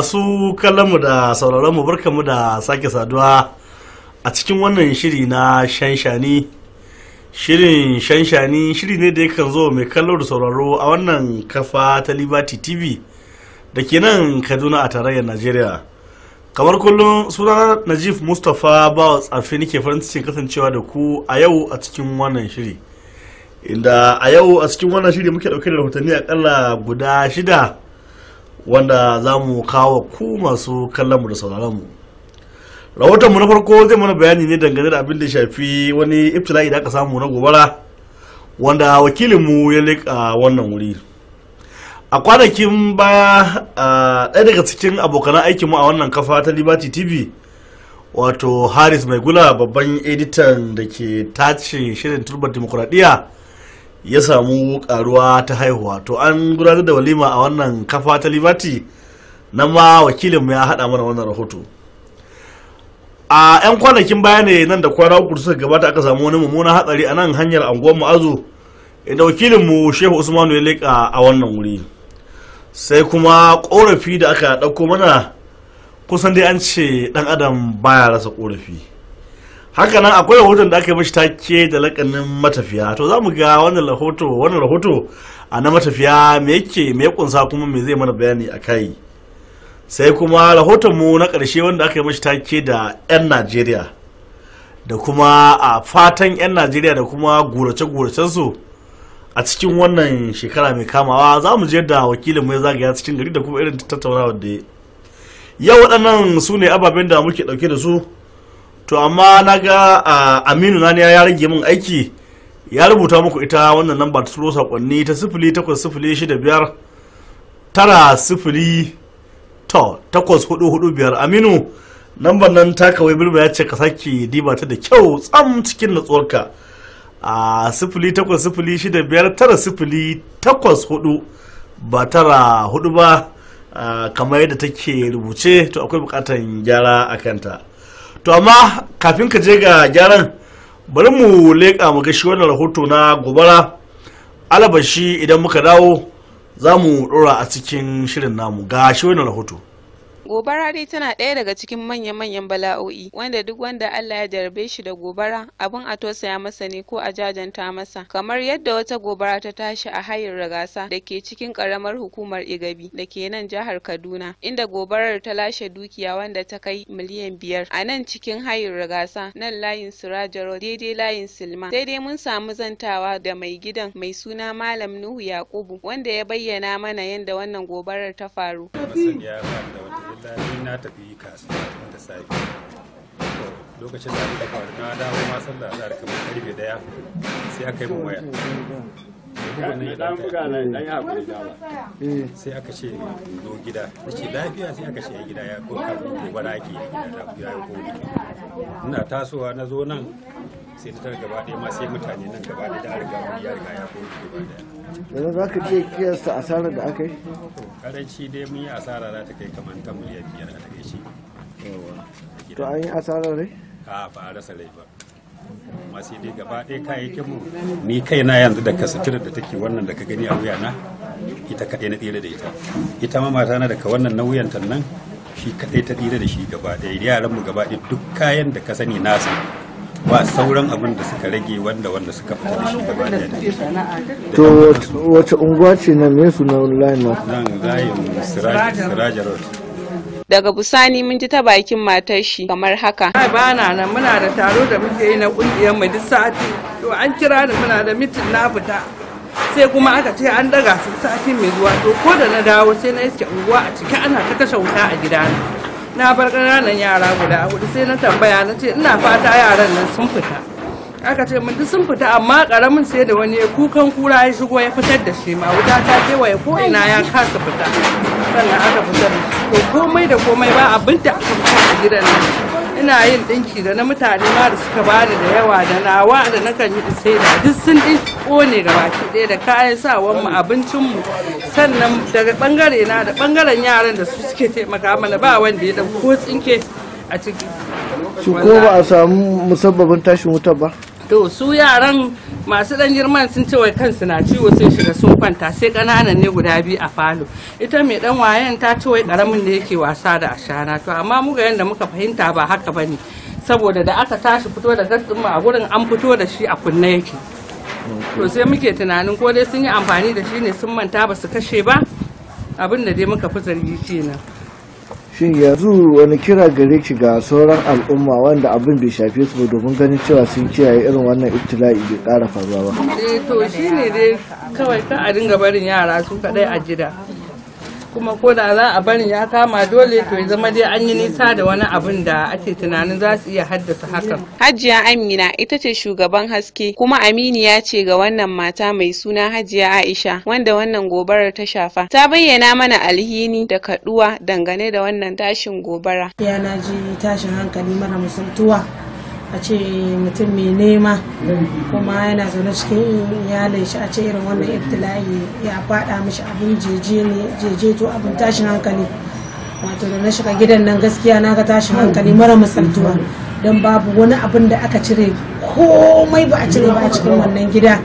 masu kallonmu da sauraronmu mu da sake saduwa a cikin wannan shiri na shanshani shirin shanshani shiri ne da yakan zo mai kallo da sauraro a wannan kafa ta liberty tv da ke nan kaduna a tarayyar nigeria kamar kullum suna najif mustapha bawa tsarfi nake farin cikin kasancewa da ku a yau a cikin wannan shiri inda a yau a cikin wannan shiri muke dauke da rahotanni akalla guda shida wanda za mu kawo ku masu kallonmu da sauraronmu rahotonmu na farko zai mana bayani ne dangane da abin da shafi wani iftila'i da aka samu na gobara wanda wakilinmu ya leƙa wannan wuri a kwanakin baya ɗaya daga cikin abokan aikinmu a wannan kafa ta liberty tv wato harris mai gula babban editan da ke tace shirin turbar dimokuraɗiyya ya samu karuwa ta haihuwa to an gudanar da walima a wannan kafa ta liberty na ma wakilinmu ya haɗa mana wannan rahoto a 'yan kwanakin baya ne nan da kwana uku suka gabata aka samu wani mummunan hatsari a nan hanyar anguwar mu'azu inda wakilinmu shehu usmanu ya leƙa a wannan wuri sai kuma korafi da aka ɗauko mana kusan dai an ce ɗan adam baya rasa korafi hakanan akwai rahoton da aka mashi take da lakanin matafiya to za mu ga wannan rahoto wannan rahoto a na matafiya me yake me kunsa kuma me zai mana bayani a kai sai kuma rahoton mu na ƙarshe wanda aka mashi take da 'yan najeriya da kuma a fatan 'yan najeriya da kuma gurace-guracen su a cikin wannan shekara mai kamawa za mu je da wakilin ya zagaya cikin gari da kuma irin tattaunawar da yau waɗannan su ne ababen da muke ɗauke da su to amma na ga aminu na ya rage min aiki ya rubuta muku ita wannan namba ta turo sakonni ta sifili takwas sifili shida biyar tara sifili ta takwas hudu hudu biyar aminu lambar nan ta kawai birba ya ce ka sake diba ta da kyau tsam cikin natsuwarka a sifili takwas sifili shida biyar tara sifili takwas hudu ba tara hudu ba kamar yadda take rubuce to akwai bukatan gyara a kanta to amma kafin ka je ga gyaran bari mu leƙa mu gashi wannan rahoto na gobara alabashi idan muka dawo za mu ɗora a cikin shirin namu ga shi wannan rahoto Gobara dai tana ɗaya daga cikin manya-manyan bala'o'i wanda duk wanda Allah ya jarbe shi da gobara abin a tosaya masa ne ko a jajanta masa kamar yadda wata gobara ta tashi a hayin ragasa da ke cikin ƙaramar hukumar Igabi da ke nan jihar Kaduna inda gobarar ta lashe dukiya wanda ta kai miliyan biyar a nan cikin hayin ragasa nan layin Sirajaro daidai layin Silma sai dai mun samu zantawa da mai gidan mai suna Malam Nuhu Yakubu wanda ya bayyana mana yadda wannan gobarar ta faru. makaranta na tafi kasuwa da safe lokacin da aka faru na dawo ma sallah a kamar karfe daya sai aka yi mu waya eh. sai aka ce zo gida da ce lafiya sai aka ce gida ya ko ka gobara ake ya ko ina tasowa na zo nan sai ta gaba ɗaya ma sai mutane nan gaba da riga ya riga ya gaba ɗaya yanzu za ka kiyasta asarar da aka yi karanci dai mun yi asara za ta kai kamar ta miliyan biyar a daga shi to an yi asarar ne. a ba a rasa rai ba masu dai gaba ɗaya kayayyakin mu ni kaina yanzu da kasaturar da take wannan da ka gani a wuyana ita kaɗai na tsira da ita ita ma mata na daga wannan na wuyanta nan shi kaɗai ta tsira da shi gaba ɗaya yaran mu gaba ɗaya duk kayan da ka sani nasa ba sauran abin da suka rage wanda wanda suka fita da shi gaba da to wace unguwa ce na me su na layin nan layin siraja road daga busani mun ji ta bakin matar shi kamar haka ai ba na nan muna da taro da muke yi na kungiyar mu duk sati to an kira da muna da mitin na fita sai kuma aka ce an daga su sati mai zuwa to ko da na dawo sai na iske unguwa a ciki ana ta kashe wuta a gidana na bar ƙananan yara guda hudu sai na tambaya na ce ina fata yaran nan sun fita aka ce mun sun fita amma karamin sai da wani kukan kura ya shigo ya fitar da shi ma wuta ta kewaye ko ina ya kasa fita sannan aka fitar to komai da komai ba abin da aka fita a gidan nan ina yin dinki da na mutane ma da suka bani da yawa da nawa da na kan yi sai da duk sun kone gabaki ɗaya da kayan sawan mu abincin mu sannan daga bangare na da bangaren yaran da su suke taimaka mana ba wanda ya dauko tsinke a ciki shi ko ba a samu musabbabin tashin wuta ba to su yaran masu dan girman sun ce wai kansu na ciwo sun shiga sun kwanta sai kananan ne guda biyu a falo ita mai dan wayan ta ce wai karamin da yake wasa da ashana to amma muga yanda muka fahimta ba haka bane saboda da aka tashi fito da gas mu a gurin an fito da shi a kunne yake to sai muke tunanin ko dai sun yi amfani da shi ne sun manta ba su kashe ba abin da dai muka fi zargi kenan shin yanzu wani kira gare ki ga sauran al'umma wanda abin bai shafe su domin ganin cewa sun kiyaye irin wannan ibtila'i bai kara faruwa ba E, to shine dai kawai ka a dinga barin yara su kadai a gida kuma ko da za a barin ya kama dole to ya zama dai an yi nisa da wani abin da ake tunanin za su iya haddasa hakan. Hajiya Amina ita ce shugaban haske kuma Aminu ya ce ga wannan mata mai suna Hajiya Aisha wanda wannan gobarar ta shafa. Ta bayyana mana alhini da kaduwa dangane da wannan tashin gobara. Ya na ji tashin hankali mara musaltuwa a ce mutum mai nema kuma yana zaune cikin iyalin shi a ce irin wannan iftila'i ya fada mishi abin to abin tashin hankali wato da na shiga gidan nan gaskiya na ga tashin hankali mara misaltuwa don babu wani abin da aka cire komai ba a cire ba a cikin wannan gida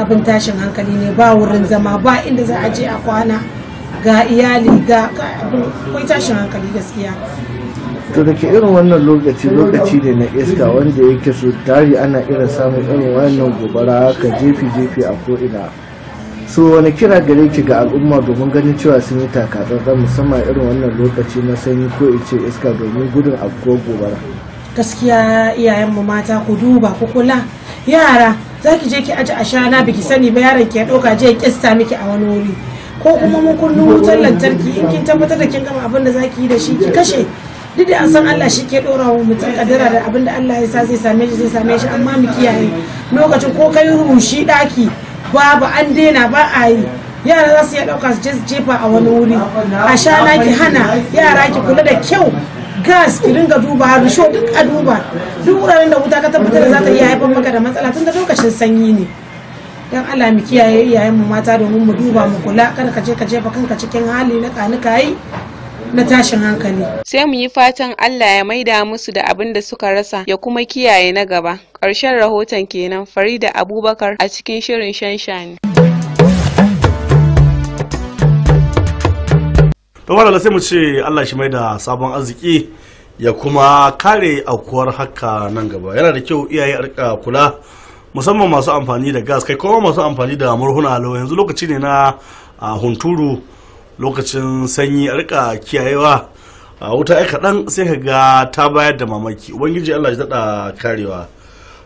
abin tashin hankali ne ba wurin zama ba inda za a je a kwana ga iyali ga abin tashin hankali gaskiya to da ke irin wannan lokaci lokaci ne na iska wanda yake so tari ana irin samun irin wannan gobara haka jefi jefi a ko'ina so wani kira gare ki ga al'umma domin ganin cewa sun yi takatsantsan musamman irin wannan lokaci na sanyi ko ice iska domin gudun afkuwar gobara gaskiya iyayenmu mata ku duba ku kula yara za ki je ki aji a shana biki sani ba yaran ki ya ɗauka je ya kista miki a wani wuri ko kuma mun kunnu wutar lantarki in kin tabbatar da kin gama abin da za ki yi da shi ki kashe duk da an san Allah shi ke dora wa mutum kadira da abinda Allah ya sa zai same shi zai same shi amma mu kiyaye lokacin ko kai rushi daki babu an daina ba a yi yara za su iya ɗauka su jefa a wani wuri a shana ki hana yara ki kula da kyau gas ki ringa duba har sho duk a duba duk wuraren da wuta ka tabbatar da za ta iya haifar maka da matsala tun da lokacin sanyi ne dan Allah mu kiyaye iyayen mu mata domin mu duba mu kula kada ka je ka jefa kanka cikin hali na kanika yi na tashin hankali. Sai mu yi fatan Allah ya maida musu da abin da suka rasa ya kuma kiyaye na gaba. Ƙarshen rahoton kenan Farida Abubakar a cikin shirin shanshani. Kamar da sai mu ce Allah shi maida sabon arziki ya kuma kare aukuwar haka nan gaba. Yana da kyau iyaye a kula musamman masu amfani da gas kai kuma masu amfani da murhuna yanzu lokaci ne na hunturu lokacin sanyi a rika kiyayewa a wuta ai kaɗan sai ka ga ta bayar da mamaki ubangiji allah ya daɗa karewa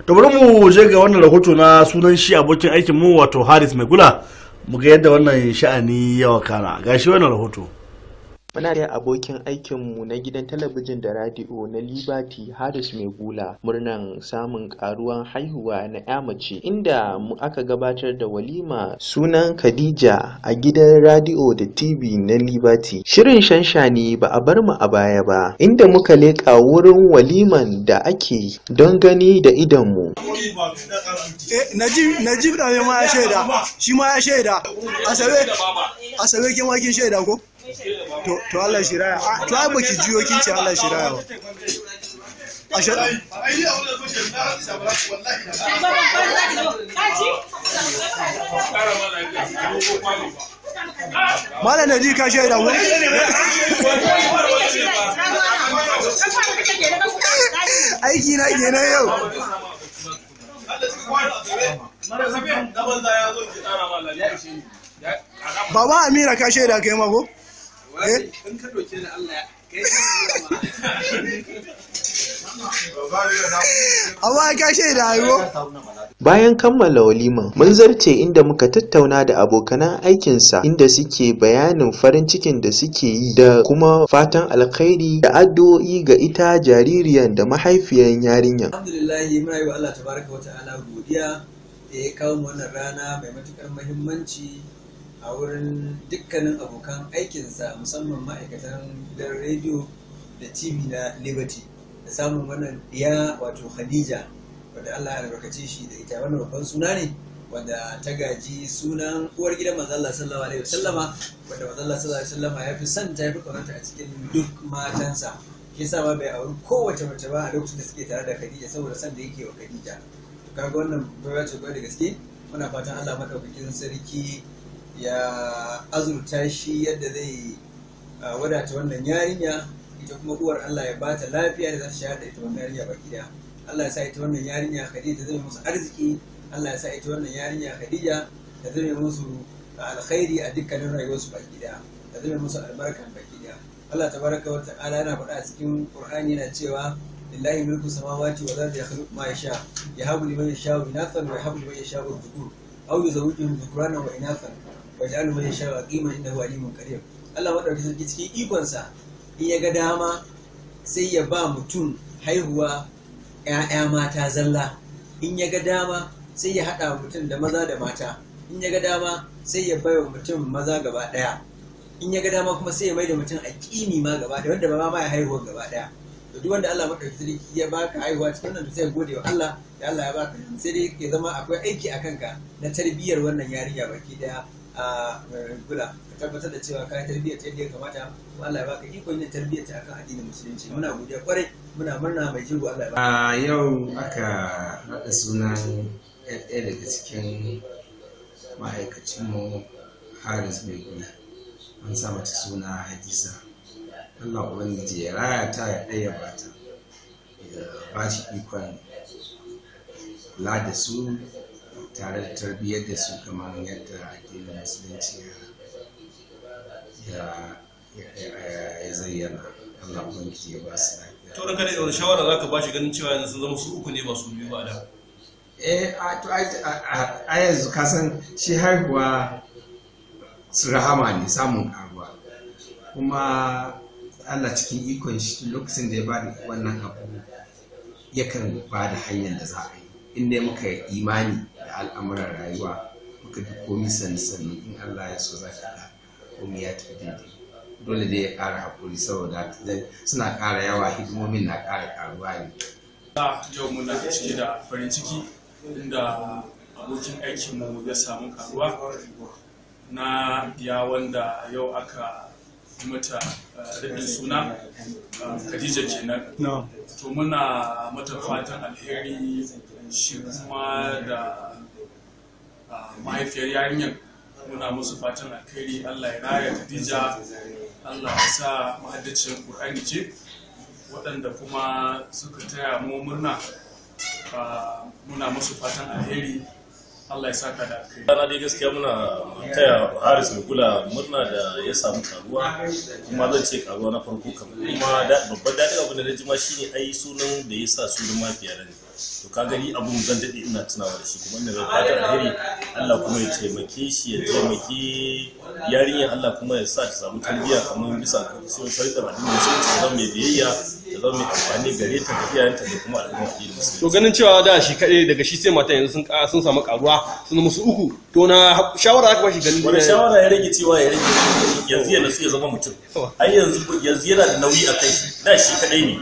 to bari mu je ga wannan rahoto na sunan shi abokin aikin mu wato haris mai gula mu ga yadda wannan sha'ani yawa kana gashi wannan rahoto Muna da abokin aikinmu na gidan talabijin da radiyo na Liberty Harris gula murnan samun karuwan haihuwa na ya mace inda mu aka gabatar da walima sunan Khadija a gidan radiyo da TV na Liberty. Shirin shanshani ba a bar mu a baya ba inda muka leƙa wurin waliman da ake don gani da idonmu. Eh, Najib da ma ya shaida, shi ma ya shaida, asabe, asabe kin shaida ko? to Allah shiraya, a ah, to ai ki jiyo kin ce Allah shiraya wa? a shi Mala na ji ka shaida wuri? Aiki na kenan yau. Baba Amira ka shaida kai mako? Eh? bayan kammala walima, mun zarce inda muka tattauna da abokanan aikinsa inda suke bayanin farin cikin da suke yi da kuma fatan alkhairi da addu'o'i ga ita jaririyan da mahaifiyan yarinyar Alhamdulillahi muna yi wa Allah tabaraka wa ta'ala godiya da ya kawo mu wannan rana mai matukar muhimmanci a wurin dukkanin abokan aikinsa musamman ma'aikatan gidan rediyo da tv na liberty da samun wannan ya wato khadija wadda allah ya albarkace shi da ita wannan babban suna ne wadda ta gaji sunan uwar gidan mazalla Sallama, alaihi wasallama wadda mazalla Sallama alaihi wasallama ya fi son ta yi fi kwananta a cikin duk matansa ke sa ma bai auri kowace mace ba a lokacin da suke tare da khadija saboda son da yake wa khadija kaga wannan bai ce da gaske muna fatan allah maɗaukakin sarki ya azurta shi yadda zai ah, wadata wannan yarinya ita kuma uwar Allah ya ba ta lafiya da za ta shayar da ita wannan yarinya baki daya Allah ya sa ita wannan yarinya Khadija zai musu arziki Allah ya sa ita wannan yarinya Khadija ta zama musu alkhairi a dukkanin rayuwarsu baki daya ta zama musu albarkan baki daya Allah tabaraka wa ta'ala yana faɗa a cikin Qur'ani yana cewa lillahi mulku samawati wa ardi yakhluqu ma yasha yahabu liman yasha inathan wa yahabu liman yasha dhukur aw yuzawwijuhum dhukrana wa inathan mai shawa kima inda innahu alimun karim Allah madaukakin sarki cikin ikonsa in ya ga dama sai ya ba mutum haihuwa ‘ya'ya mata zalla in ya ga dama sai ya haɗa mutum da maza da mata in ya ga dama sai ya baiwa mutum maza gaba ɗaya in ya ga dama kuma sai ya mai da mutum a ƙini ma gaba ɗaya wanda ba ma ya haihuwa gaba ɗaya to duk wanda Allah maɗauki sarki ya baka haihuwa cikin nan sai gode wa Allah da Allah ya baka sai dai ke zama akwai aiki a kanka na tarbiyyar wannan yarinya baki ɗaya a ka tabbatar da cewa kayan tarbiyyar ta yadda ya kamata Allah ya baka ikon yin tarbiyyar ta akan addinin musulunci muna godiya kwarai muna murna mai jigo Allah ya baka a yau aka hada sunan ɗaya daga cikin ma'aikacinmu Haris mai gona an sa mata suna Hadiza Allah ubangiji ya raya ta ya ɗaya bata ba shi ikon kula da su tare da tarbiyyar da su kamar yadda da musulunci ya ya zayyana Allah ubangiji ya ba su lafiya to ranka da wani shawara za ka ba shi ganin cewa yanzu zama su uku ne ba su biyu ba da eh a to a yanzu ka san shi haihuwa su rahama ne samun karuwa kuma Allah cikin ikon shi lokacin da ya bada wannan abu yakan ba da hanyar da za a yi in dai muka imani al'amuran rayuwa muka bi komi sani in Allah ya so za ka ga komi ya tafi daidai dole dai ya ƙara hakuri saboda suna kara yawa hidimomin na kara karuwa ne. yau muna cike da farin ciki inda abokin aikinmu ya samu karuwa na ya wanda yau aka mata daɗin eh, suna eh, Khadija kenan. To muna mata fatan alheri shi kuma da mahaifiyar yarinyar muna musu fatan alkhairi Allah ya raya Khadija Allah ya sa mahaddacin ƙur'ani ce waɗanda kuma suka taya mu murna ah, muna musu fatan alheri Allah ya saka da kai. Rana dai gaskiya muna taya Haris mai kula murna da ya samu karuwa kuma zan ce karuwa na farko kam kuma babban daɗin abin da na jima shine ai sunan da ya sa sunan mafiya ne. To ka gani abun zan daɗe ina tunawa da shi kuma ina da fatan alheri Allah kuma ya taimake shi ya taimaki yarinya Allah kuma ya sa ta samu tarbiyya kamar bisa kan sun sarƙa addinin sun zan mai biyayya zama mai amfani gare ta tafiya iyayenta da kuma al'umma to ganin cewa da shi kadai daga shi sai matan yanzu sun sun samu karuwa sun musu uku to na shawara aka bashi ganin wani shawara ya rage cewa ya rage yanzu ya nasu ya zama mutum ai yanzu yanzu yana da nauyi a kai da shi kadai ne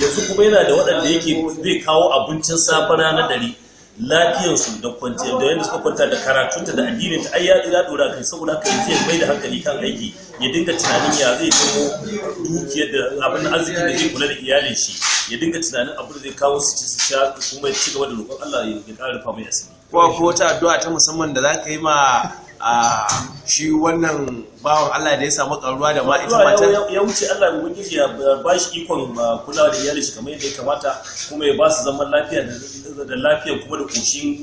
yanzu kuma yana da waɗanda yake zai kawo abincin safe na dare lafiyansu da kwanciyar da yadda suka kwanta da karatunta da addinin ta ya ya dora kai saboda haka yanzu ya mai da hankali kan aiki ya dinga tunanin ya zai nemo dukiyar da abin arziki da zai kula da iyalin shi ya dinga tunanin abin da zai kawo su ci su sha kuma ya ci gaba da roƙon Allah ya ƙara rufa mai asiri ko ko ta addu'a ta musamman da za ka yi ma a shi wannan bawan Allah da ya samu karuwa da ma ita mata ya wuce Allah ya wuce ya ba shi ikon uh, kulawa da iyalin shi kamar yadda ya kamata kuma ya ba su zaman lafiya da lafiya kuma da koshin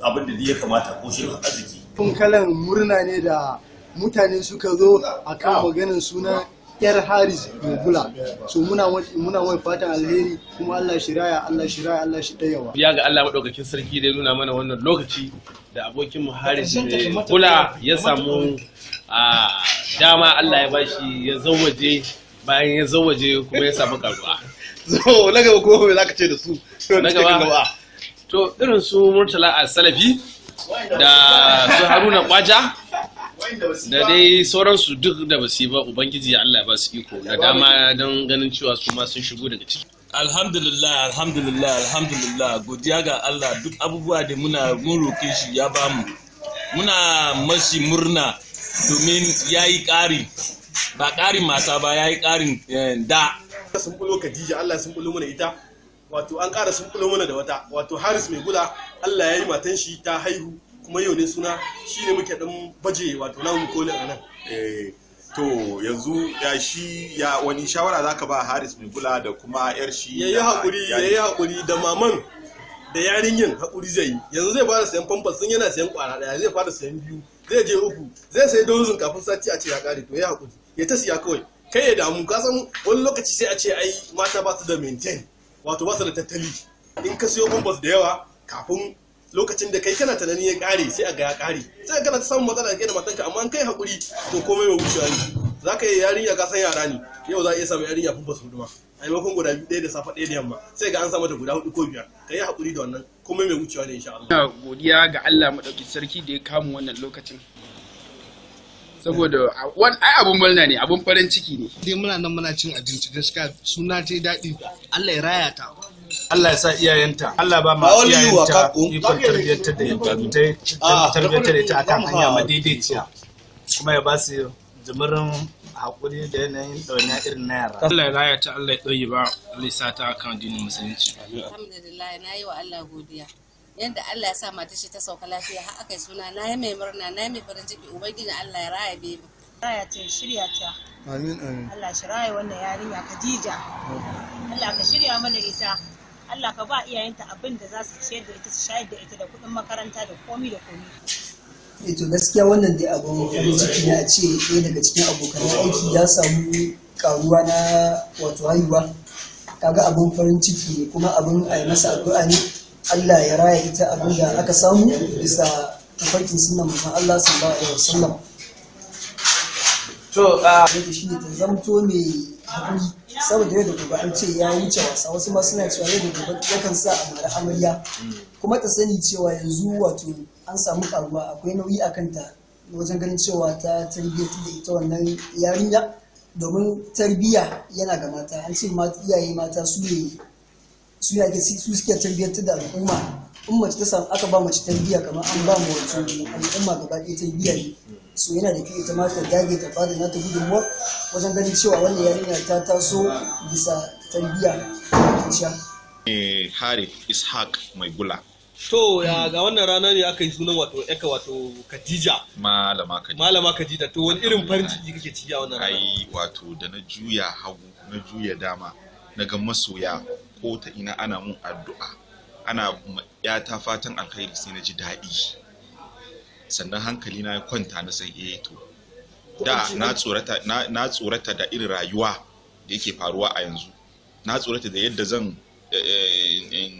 abin da ya kamata koshin arziki Kun kalan murna ne da mutane suka zo a kan maganin suna yar haris bula so muna muna wai fatan alheri kuma Allah shi raya, Allah shi raya, Allah shi tayawa ya ga Allah madaukakin sarki da ya nuna mana wannan lokaci da abokin mu haris kula ya samu a dama Allah ya bashi ya zawaje bayan ya zawaje kuma ya samu karuwa so na gaba ko me zaka ce da su na gaba to irin su murtala salafi da su haruna kwaja da dai sauransu duk da ba su ba ubangiji Allah ba su iko da dama don ganin cewa su ma sun shigo daga ciki alhamdulillah alhamdulillah alhamdulillah godiya ga Allah duk abubuwa da muna mun roke shi ya ba mu muna mashi murna domin ya yi ƙari ba ƙarin mata ba ya yi ƙarin eh, da sun bulo Kadija, Allah sun bulo mana ita wato an ƙara sun bulo mana da wata wato Haris mai gula Allah ya yi matan shi ta haihu kuma ne suna shi ne muke dan baje wato namu koli a nan eh, to yanzu ya shi ya wani shawara zaka ba haris mai gula da kuma yar shi ya yi hakuri ya da maman da yarinyin hakuri zai yi yanzu zai fara sayan famfas sun yana sayan ƙwara daya zai fara sayan biyu zai je uku zai sayi dozin kafin sati a ce ya kare to ya hakuri. ya ta siya kawai kai ya damu ka san wani lokaci sai a ce ai mata ba su da maintain wato ba su da tattali in ka siyo famfas da yawa kafin lokacin da kai kana tunani ya kare sai a ga ya kare sai kana ta samun matsala kai matanka amma kai hakuri to komai mai wucewa ne za ka yi yarinya ka san yara ne yau za a iya samun yarinya fubba su huduma a maimakon guda biyu ɗaya da safa ɗaya da yamma sai ga an samu ta guda hudu ko biyar ka yi hakuri da wannan komai mai wucewa ne insha Ina godiya ga Allah maɗauki sarki da ya kama wannan lokacin. saboda wani ai abun murna ne abun farin ciki ne dai muna nan muna cin abinci gaskiya suna ta daɗi Allah ya raya ta Allah ya sa iyayenta Allah ba ma iyayenta ikon tarbiyyantar da ita ah, tarbiyyantar da ita akan hanya madaidaiciya kuma ya ba su jimirin haƙuri da yanayin ɗauniya irin na yara. Allah ya raya ta Allah ya ɗauki ba lisa ta akan addinin musulunci. Alhamdulillah na yi wa Allah godiya. Yadda Allah ya sa mata shi ta sauka lafiya har aka yi suna na yi mai murna na yi mai farin ciki ubangiji Allah ya raya bebi. Raya ta shirya ta. Amin amin. Allah shi raya wannan yarinya Khadija. Allah ka shirya mana ita. Allah ka ba iyayenta abin da za su ciyar da ita su shayar da ita da kuɗin makaranta da komi da komi eh to gaskiya wannan dai abun farin ciki na a ce ɗaya daga cikin abokan aiki ya samu karuwa na wato haihuwa kaga abin farin ciki ne kuma abin a yi masa addu'a ne Allah ya raya ita abin da aka samu bisa tafarkin sunan mutum Allah sallallahu alaihi wasallam to ah, a shi ne ta zamto mai saboda yau gobe an ce ya wuce wasa wasu ma suna cewa yau da gobe kan sa a mara amarya kuma ta sani cewa yanzu wato an samu karuwa akwai nauyi a kanta wajen ganin cewa ta tarbiyyar da ita wannan yarinya domin tarbiyya yana ga mata an ce iyaye mata su ne su ne su suke tarbiyyar da al'umma in mace ta samu aka ba mace tarbiyya kamar an ba mu wato al'umma gaba ɗaya tarbiyya ne so yana da ke ita ma ta dage ta bada nata gudunmuwar wajen ganin cewa wannan yarinya ta taso bisa tarbiyya ta eh, Hari Ishaq mai gula. To ya ga wannan rana ne aka yi sunan wato eka wato Khadija. Malama Khadija. Malama Khadija to wani irin farin ciki kake ciki a wannan rana? Ai wato da na juya hagu na juya dama na ga masoya ko ta ina ana mun addu'a ana ya ta fatan alkhairi sai na ji daɗi. sannan hankali na ya kwanta na san eh to da na tsorata na tsorata da irin rayuwa da yake faruwa a yanzu na tsorata da yadda zan eh, eh,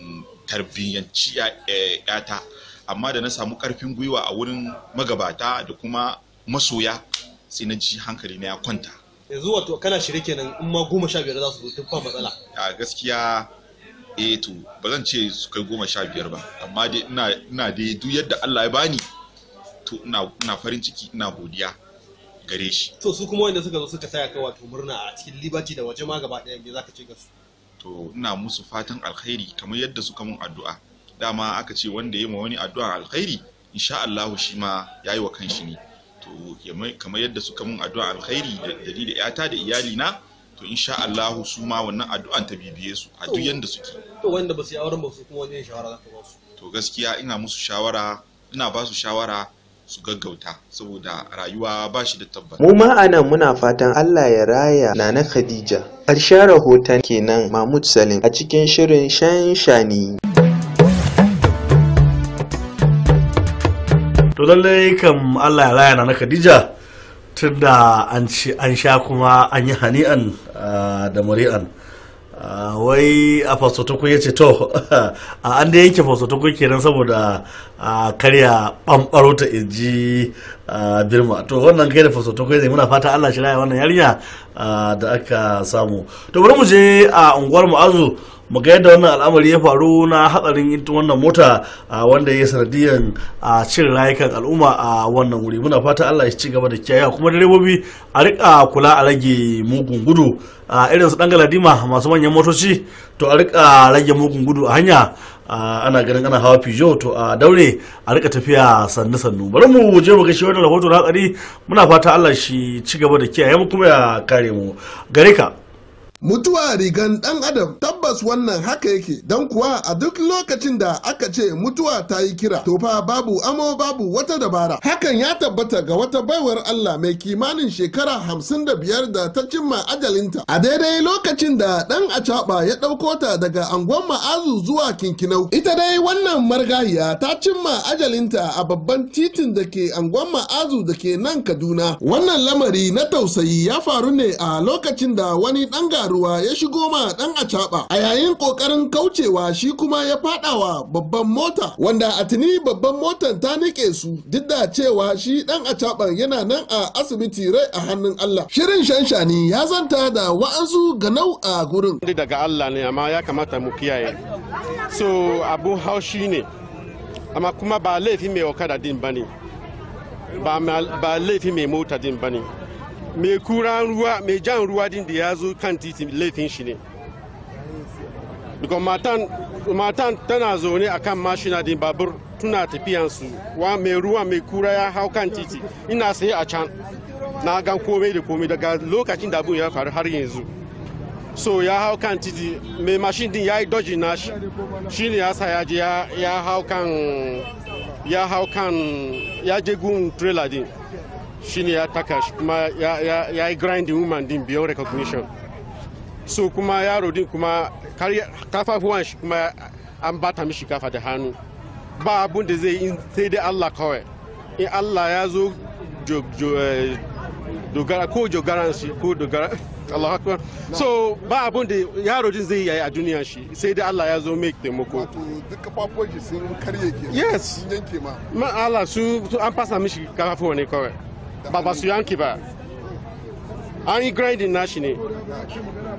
tarbiyyanci eh, yata amma da na samu karfin gwiwa a wurin magabata da kuma masoya sai na ji hankali na ya kwanta yanzu wato kana shirye kenan in ma goma sha biyar za su zo duk ba matsala a gaskiya eh to ba zan ce su kai goma sha biyar ba amma dai ina dai duk yadda Allah ya bani wato ina farin ciki ina godiya gare shi to su kuma wanda suka zo suka saya ka wato murna a cikin liberty da waje ma gaba ɗaya me zaka ce ga su to ina musu fatan alkhairi kamar yadda suka mun addu'a dama aka ce wanda ya ma wani addu'a alkhairi insha Allah shi ma yayi wa kanshi ne to kamar yadda suka mun addu'a alkhairi da ni da ta da iyali na to insha Allah su ma wannan addu'an ta bibiye su a duk yanda suke to wanda ba su yi auren ba su kuma wani shawara za ka ba su to gaskiya ina musu shawara ina ba su shawara su gaggauta saboda rayuwa ba shi da tabbas. Mu ma anan muna fatan Allah ya raya Nana Khadija. Ƙarshen rahoton kenan Mahmud Salim a cikin shirin Shanshani. To lallai kam Allah ya raya Nana Khadija tunda an sha kuma an yi hani'an ah, da mari'an. Ah, wai a fasotoku ya ce to an da yanke fasotoku kenan saboda a karya ɓamɓaro ta inji birma to wannan kai da fasotoku zai muna fata allah shirya wannan yarinya da aka samu to bari mu je a unguwar mu mu'azu mu ga yadda wannan al'amari ya faru na hatsarin ita wannan mota wanda ya sanadiyan a cin rayukan al'umma a wannan wuri muna fata Allah ya ci gaba da kiyaye kuma direbobi a rika kula a rage mugun gudu a irin su dima masu manyan motoci to a rika rage mugun gudu a hanya ana ganin ana hawa fijo to a daure a rika tafiya sannu sannu bari mu je mu ga shi wannan rahoton na hatsari muna fata Allah shi ci gaba da kiyaye mu kuma ya kare mu gare ka mutuwa rigan ɗan adam tabbas wannan haka yake don kuwa a duk lokacin da aka ce mutuwa ta yi kira to fa babu amo babu wata dabara hakan ya tabbata ga wata baiwar Allah mai kimanin shekara hamsin da biyar da ta cimma ajalinta a daidai lokacin da ɗan acaɓa ya ɗauko ta daga angon ma'azu zuwa kinkinau ita dai wannan margahiya ta cimma ajalinta a babban titin da ke angon ma'azu da ke nan kaduna wannan lamari na tausayi ya faru ne a lokacin da wani ɗan garu ruwa ya shigo ma dan acaba a yayin kokarin kaucewa shi kuma ya fadawa babban mota wanda a tuni babban motan ta nike su duk da cewa shi dan acaban yana nan a asibiti rai a hannun Allah shirin shanshani ya zanta da ga nau a gurin daga Allah ne amma ya kamata mu kiyaye so abu haushi ne amma kuma ba laifi mai okada din bane ba laifi mai mota din bane mai kuran ruwa mai jan ruwa din da ya zo kan titi laifin shi ne matan tana zaune a kan mashina din babur tuna tafiyansu wa mai ruwa mai kura ya hau kan titi ina saye a can na gan komai da komai daga lokacin da abin ya faru har yanzu so ya hau kan titi mai mashin din ya yi dojin nashi shi ne ya sa ya je ya hau kan ya je gun trailer din shine ya taka shi kuma ya yi grinding woman din biyo recognition so kuma yaro din kuma kafafuwan shi kuma an bata mishi kafa da hannu ba abun da zai sai dai allah kawai in allah ya zo eh, dogara ko dogara shi ko dogara Allah akbar so ba abun da yaro din zai yi a duniya shi sai dai Allah ya zo the moko to duk kafafuwan shi sun karye ke yes yanke ma ma Allah su an fasa mishi kafafuwa ne kawai baba su yanki ba an yi grinding nashi ne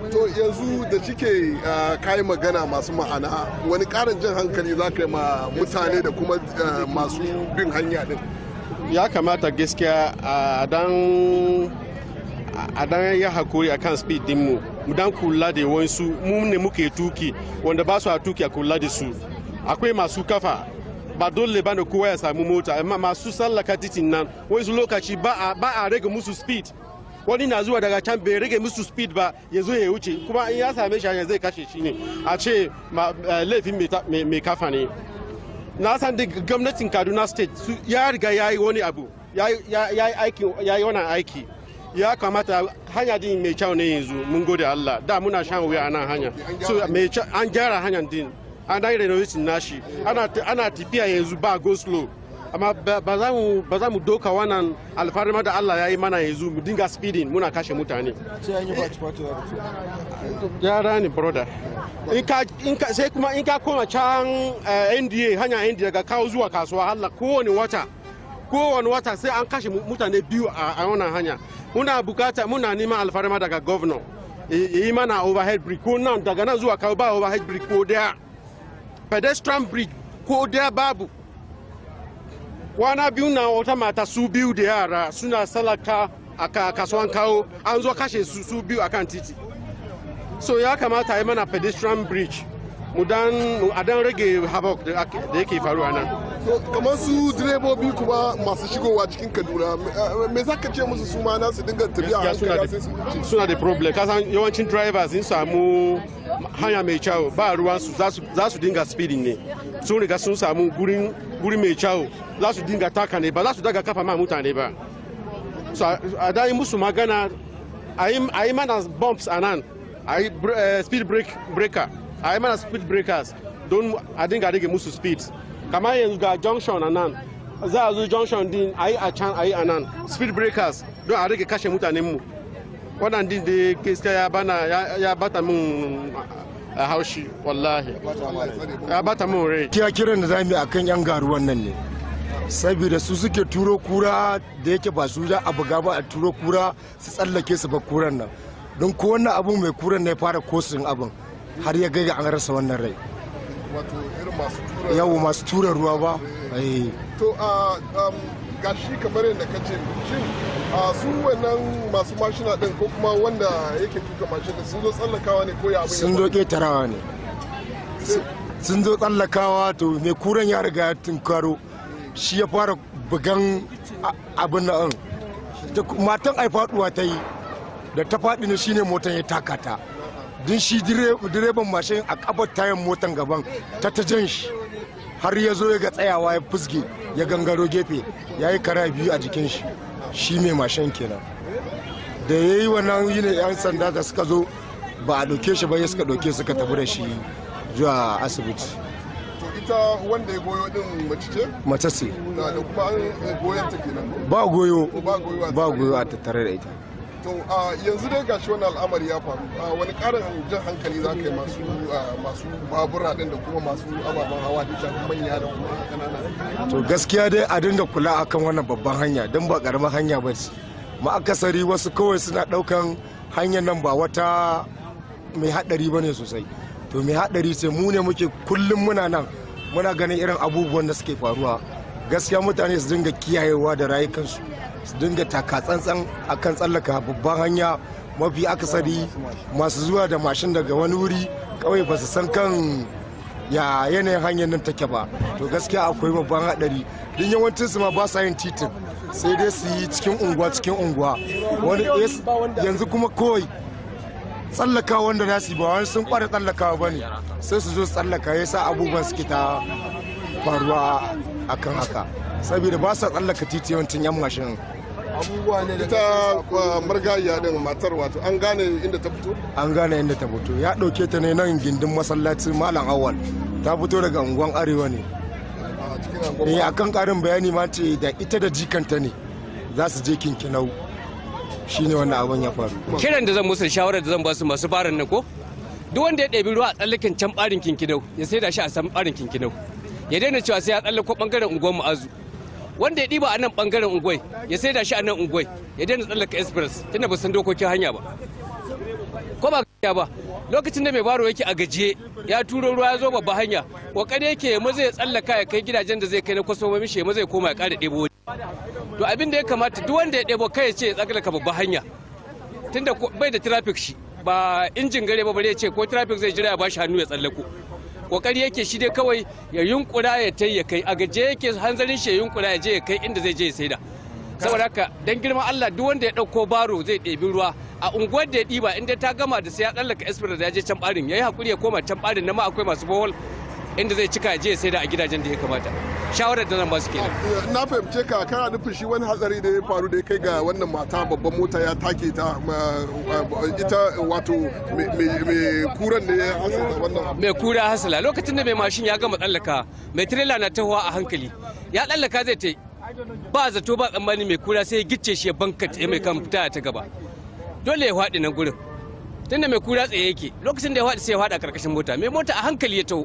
to yanzu da kike ah, kayi magana masu ma'ana wani karin jin hankali za ka yi ma mutane da kuma ah, masu bin hanya din ya kamata gaskiya a dan ya hakuri a kan speed dinmu mu dan kula da wansu mu ne muke tuki wanda ba su a tuki a kula da su akwai masu kafa ba dole ba da kowa ya samu mota amma masu sallaka titin nan wani lokaci ba a rage musu speed wani na zuwa daga can bai rage musu speed ba ya zo ya wuce kuma in ya same shi zai kashe shi ne a ce eh, laifin mai kafa ne na san da gwamnatin kaduna state ya riga ya yi wani abu ya yi wannan aiki ya kamata hanya din mai kyau ne yanzu mun gode allah da muna shan wuya a nan hanya so an gyara hanyar din ana yi renovation nashi ana tafiya yanzu ba go slow amma ba za mu doka wannan alfarma da Allah ya yi mana yanzu mu dinga speeding muna kashe mutane yara ne broda sai kuma in ka koma can eh, nda hanya nda ga kawo zuwa kasuwa Allah kowane wata kowane wata sai an kashe mutane biyu a wannan hanya muna bukata muna neman alfarma daga governor yi mana overhead brick ko nan daga nan zuwa kawo ba overhead brick ko daya pedestrian bridge ko da babu kwana biyu na wata mata su biyu da yara suna salaka a kasuwan kawo an zo kashe su su biyu akan titi so ya kamata yi mana pedestrian bridge mu dan a dan rage havoc da yake faruwa nan kamar su direbobi kuma masu shigowa cikin kaduna me za ka ce musu su ma na su dinga tafiya suna da problem kasan yawancin drivers sun samu hanya mai kyau ba ruwan su za su dinga speeding ne sun riga sun samu gurin gurin mai kyau za su dinga taka ne ba za su daga kafa ma mutane ba a dai musu magana a yi mana bumps a nan a yi eh, speed breaker a yi mana speed breakers don a dinga rage musu speed kamar yanzu ga junction a nan za a zo junction din a yi a can a yi a nan speed breakers don a rage kashe mutanen mu wannan din da gaskiya ya bata min a uh, haushi wallahi ya bata min rai kiya kiran da zamu a kan yan garuwan nan ne saboda su suke turo kura da yake ba su da abu gaba a turo kura su tsallake su ba kuran nan don ko wannan abu mai kuran ya fara kosin abin har ya gaiga an rasa wannan rai yawo masu tura ruwa ba eh. Eh. to a ah, um, gashi kamar yadda ka ce shin a ah, su wannan masu mashina din ko kuma wanda yake tuka mashina sun zo tsallakawa ne ko ya abin sun zo ketarawa ne sun zo tsallakawa to me kuren ya riga ya tunkaro shi ya fara bugan abin na'an matan ai faduwa ta yi da ta faɗi ne shine motan ya takata din shi direban mashin a kabar tayan motan gaban ta ta jan shi har ya zo ya ga tsayawa ya fusge ya gangaro gefe ya yi kara biyu a jikin shi shi mai mashin kenan da ya yi wannan yi ne 'yan sanda da suka zo ba a ɗauke shi ba ya suka ɗauke suka tafi da shi zuwa asibiti ita wanda ya goyo din mace ce? mace ce da kuma an goyon ta kenan ba goyo ba goyo a tattare da ita to yanzu dai gashi wani al'amari ya faru wani karin jan hankali za ka yi masu babura din da kuma masu ababen hawa da shafi manya da kuma kanana to gaskiya dai a dinga kula akan wannan babban hanya don ba karamar hanya ba ce ma'akasari wasu kawai suna ɗaukan hanyar nan ba wata mai haɗari ba ne sosai to mai haɗari sai mu ne muke kullum muna nan muna ganin irin abubuwan da suke faruwa gaskiya mutane su dinga kiyayewa da rayukansu su dinga taka tsantsan a kan tsallaka babban hanya mafi akasari masu zuwa da mashin daga wani wuri kawai ba su san kan ya yanayin hanyar nan take ba to gaskiya akwai babban hadari din yawancin su ma ba sa yin titin sai dai su yi cikin unguwa cikin unguwa wani yanzu kuma kawai tsallaka wanda na ba wani sun kware tsallakawa ba ne sai su zo tsallaka ya sa abubuwan suke ta faruwa akan haka saboda ba sa tsallaka titi yawancin yan mashin abubuwa ne da ita ah, margayya din matar wato an gane inda ta fito an gane inda ta fito ya dauke ta ne nan gindin masallaci malam awal ta fito daga unguwan arewa ne eh akan karin bayani ma ce da ita da jikanta ne za su je kinkinau shine wannan abin ya faru kiran da zan musu shawarar da zan ba su masu barin nan ko duk wanda ya ɗebi ruwa a tsallaken can barin kinkinau ya sai da shi a san barin kinkinau ya daina cewa sai ya tsallako bangaren unguwan mu'azu wanda ya ɗiba a nan ɓangaren unguwai ya sai da shi a nan unguwai ya daina tsallaka express tunda ba san dokokin hanya ba ko ba gaskiya ba lokacin da mai baro yake a gajiye ya turo ruwa ya zo babba hanya kokari yake ya zai tsallaka ya kai gidajen da zai kai na kwaso shi ya maza zai koma ya ƙara ɗebo to abin da ya kamata duk wanda ya ɗebo kai ya ce ya tsallaka babba hanya tunda bai da traffic shi ba injin gare ba bare ya ce ko traffic zai jira ya bashi hannu ya tsallako kokari yake shi dai kawai ya yunkura ya tai ya kai a gaje yake hanzarin shi ya yunkura ya je ya kai inda zai je ya saida saboda haka dan girma Allah duk wanda ya dauko baro zai ɗebi ruwa a unguwar da ya diba inda ta gama da sai ya tsallaka esfira ya je can barin yayi hakuri ya koma can barin na ma akwai masu bohol inda zai cika je sai da a gidajen da ya kamata shawarar da nan ba su kenan na fahimce ka kana nufin shi wani hatsari da ya faru da ya kai ga wannan mata babban mota ya take ta ita wato mai kuran ne ya hasala wannan mai kura hasala lokacin da mai mashin ya gama tsallaka mai tirela na tahowa a hankali ya tsallaka zai ta ba zato ba tsammani mai kura sai ya gicce shi ya banka ta mai kan fita ta gaba dole ya faɗi nan gurin tunda mai kura tsaye yake lokacin da ya faɗi sai ya faɗi a karkashin mota mai mota a hankali ya taho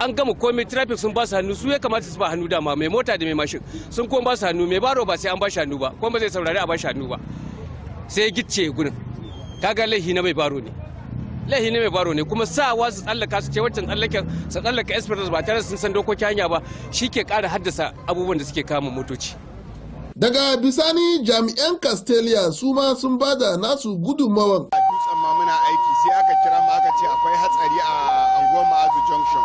an gama komai traffic sun ba su hannu su ya kamata su ba hannu dama mai mota da mai mashin sun kuma ba su hannu mai baro ba sai an ba shi hannu ba kuma ba zai saurari a ba shi hannu ba sai gicce gurin kaga laihi na mai baro ne laihi na mai baro ne kuma sawa su tsallaka su ce wancan tsallaken su tsallaka express ba tare sun san dokokin hanya ba shi ke kara haddasa abubuwan da suke kama motoci daga bisani jami'an castelia su ma sun bada nasu gudunmawan a dutsen ma muna aiki sai aka kira mu aka ce akwai hatsari a unguwar ma'azu junction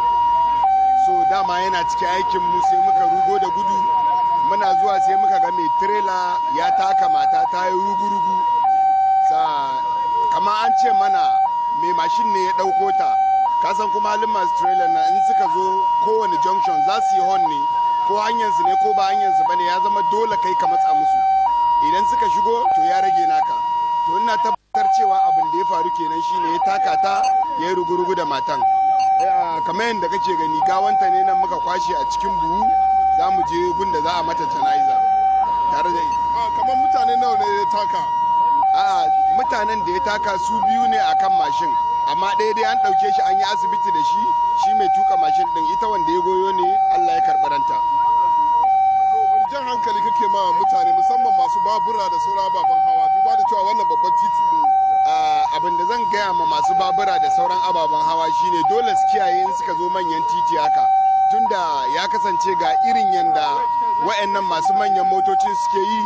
dama yana cikin aikin mu sai muka rugo da gudu muna zuwa sai muka ga mai trela ya taka mata ta yi rugu-rugu kama an ce mana mai mashin ne ya ɗauko ta kasan kuma halin masu trela na in suka zo kowane junction za su yi hon ne ko hanyarsu ne ko ba hanyarsu ba ne ya zama dole kai ka matsa musu idan suka shigo to ya rage naka to ina tabbatar cewa abin da ya faru kenan shine ya taka ta ya yi rugu-rugu da matan Eh, ah, kamar yadda kake gani gawanta ne nan muka kwashe a cikin buhu za mu je gunda za a mata tanaiza tare da ah, kamar mutane nawa ne ya taka a'a ah, mutanen da ya taka su biyu ne akan mashin amma ɗaya dai an ɗauke shi an yi asibiti da shi shi mai tuka mashin ɗin ita wanda ya goyo ne allah ya karɓi ranta jan hankali kake ma mutane musamman masu babura da saura baban hawa duba da cewa wannan babban titi abin da zan gaya ma masu babura da sauran ababen hawa shine dole su kiyaye in suka zo manyan titi haka tunda ya kasance ga irin yanda wayannan masu manyan motocin suke yi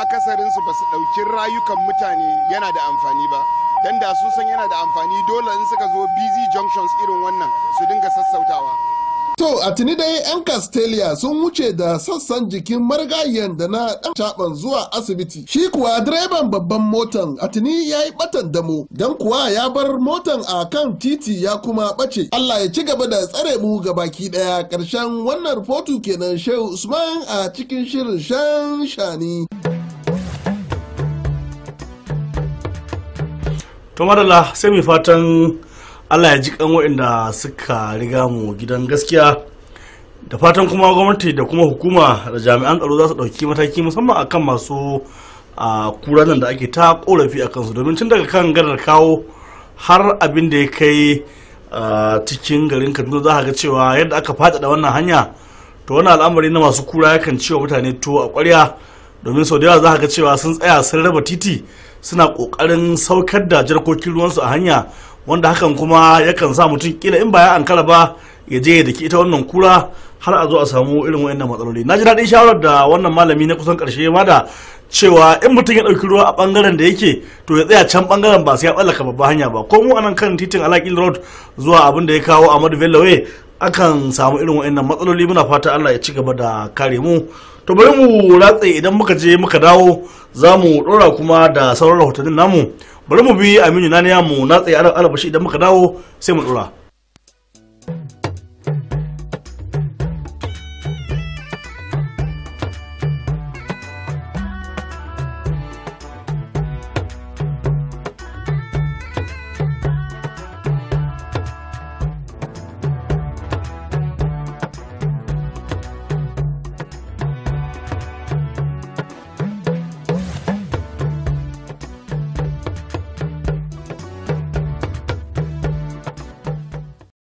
akasarinsu ba su ɗauki rayukan mutane yana da amfani ba dan da su san yana da amfani dole in suka zo busy junctions irin wannan su dinga sassautawa To a tuni dai 'yan Castelia sun wuce da sassan jikin marigayen da na ɗan caban zuwa asibiti. Shi kuwa direban babban motan a tuni ya yi batan damo don kuwa ya bar motan a kan titi ya kuma ɓace. Allah ya ci gaba da tsare mu ga baki ɗaya ƙarshen wannan rufotu kenan Shehu Usman a cikin shirin shan shani. To madalla sai mai fatan allah ya ji kan waɗanda suka riga mu gidan gaskiya da fatan kuma gwamnati da kuma hukuma da jami'an tsaro za su ɗauki mataki musamman akan masu a nan da ake ta korafi a kansu domin tun daga kan gadar kawo har abin da ya kai cikin garin kaduna za ga cewa yadda aka faɗaɗa wannan hanya to wani al'amari na masu kura yakan cewa mutane to a ƙwarya domin sau da yawa za ga cewa sun tsaya sun raba titi suna ƙoƙarin saukar da jarkokin ruwansu a hanya wanda hakan kuma yakan sa mutum kila in ba ya ankara ba ya je da ke ita wannan kura har a zo a samu irin wayannan matsaloli na ji daɗin shawarar da wannan malami na kusan ƙarshe ma da cewa in mutum ya ɗauki ruwa a ɓangaren da yake to ya tsaya can ɓangaren ba sai ya ɓallaka babba hanya ba ko mu anan kan titin alakil road zuwa abin da ya kawo ahmadu bello akan samu irin wayannan matsaloli muna fata allah ya ci gaba da kare mu to bari mu ratse idan muka je muka dawo za mu ɗora kuma da sauran rahotannin namu bari mu bi aminu na mu na tsaye bashi idan muka dawo sai mu tsura